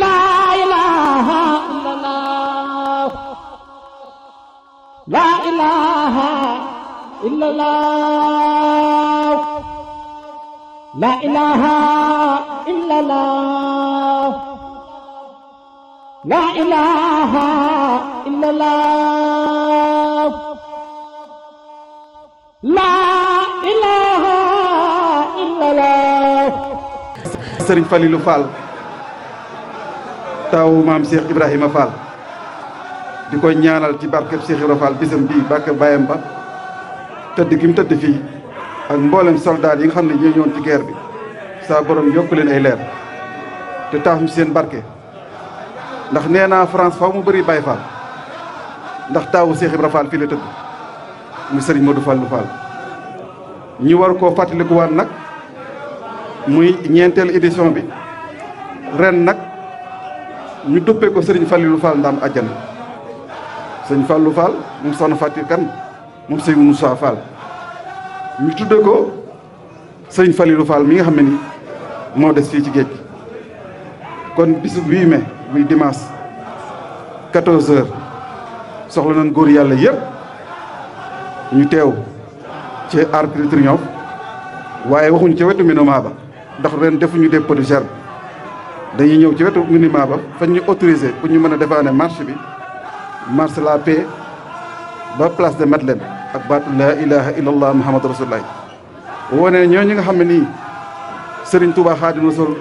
laa ilaaha illallah laa ilaaha illallah laa ilaaha illallah laa ilaaha illallah laa ilaaha illallah Serigne Falilou Fall taawu maam Cheikh Ibrahima Fall di koy ñaanal ci barkeb Cheikh Ibrahima Fall bisam bii barkeb bàyyam ba tëdd gi mu tëdd fii ak mboolem soldaar yi nga xam ne ñoo ñëwoon ci guerre bi saa borom yokk leen ay leer te taaf ñu seen barke. ndax nee naa France faw mu bëri bay Fall ndax taawu Cheikh Ibrahima Fall fii la tëdd mu Serigne Modou Fallou Fall ñu war ko koo fàttalikuwaat nag muy ñeenteelu édition bi ren nag. ñu duppee ko sëriñ Fallilou Fall ndaam àjjana sëriñ Fallou Fall moom soxna Fatir Kan moom sëriñ Moussa Fall ñu tudde ko sëriñ Fallilou Fall mi nga xam ne ni moo des fii ci géej kon bisu 8 mai buy dimanche 14 heures soxla nañ góor yàlla yëpp ñu teew ci arc de waaye waxuñ ci wetu Minoma ba ndax ren defuñu dépôt de gerbe dañuy ñëw ci wetu monument ba fañ ñu autorisé pour ñu mën a defaane marche bi marche la paix ba place de Madeleine ak baatu laa ilaha illallah muhammadu rasulullah wone ñoo ñi nga xam ne nii Serigne Touba Xaadimu Rasuul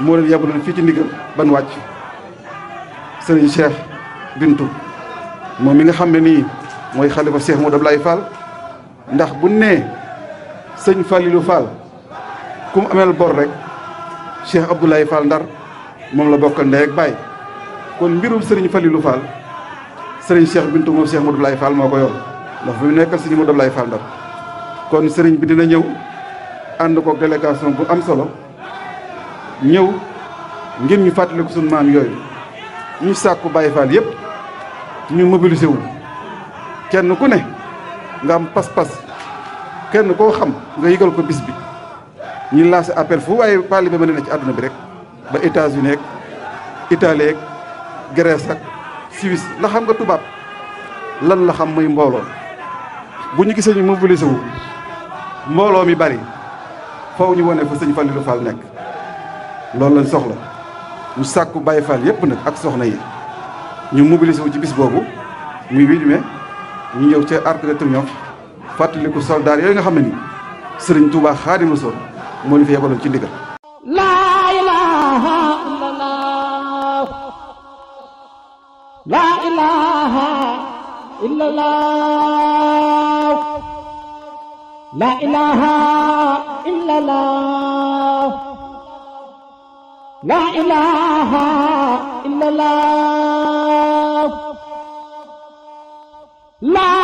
moo leen yabaloon fii ci ndigal ban wàcc Serigne Cheikh Bintou moom mi nga xam ne nii mooy xalifa Cheikh Modou Abdoulaye Fall ndax bu nee sëñ Falilou Fall ku mu ameel bor rek Cheikh Abdoulaye Fall Ndar moom la bokkal ndey ak baay kon mbirum Serigne Falilou Fall Serigne Cheikh Bintou moom Cheikh Modou Abdoulaye Fall moo ko yor ndax bu nekkal Serigne Modou Abdoulaye Fall Ndar kon Serigne bi dina ñëw ànd koog délégation bu am solo ñëw ngir ñu fàttaliku sunu maam yooyu ñu sàkku Baye Fall yëpp ñu mobilisé wu kenn ku ne nga am pas-pas kenn koo xam nga yëgal ko bis bi. ñu lancé appel fu waaye taalibe mën na ne ci àdduna bi rek ba États-Unis ak Italie ak Grèce ak Suisse la xam nga tubaab lan la xam muy mbooloo bu ñu gisee ñu mobilisé wu mbooloo mi bari faw ñu wane fa sëñ Fallilou Fall nekk loolu lañ soxla ñu sàkku Baye Fall yépp nag ak soxna yi ñu mobilisé wu ci bis boobu muy 8 mai ñu ñëw ca Arc de Triomphe fàttaliku soldaar yooyu nga xam ne ni Sëriñ Touba Xaadimu Rasuul moo ñu fi yebaloon ci ndigal laa ilaha illallah laa ilaha illallah laa ilaha illallah laa ilaha illallah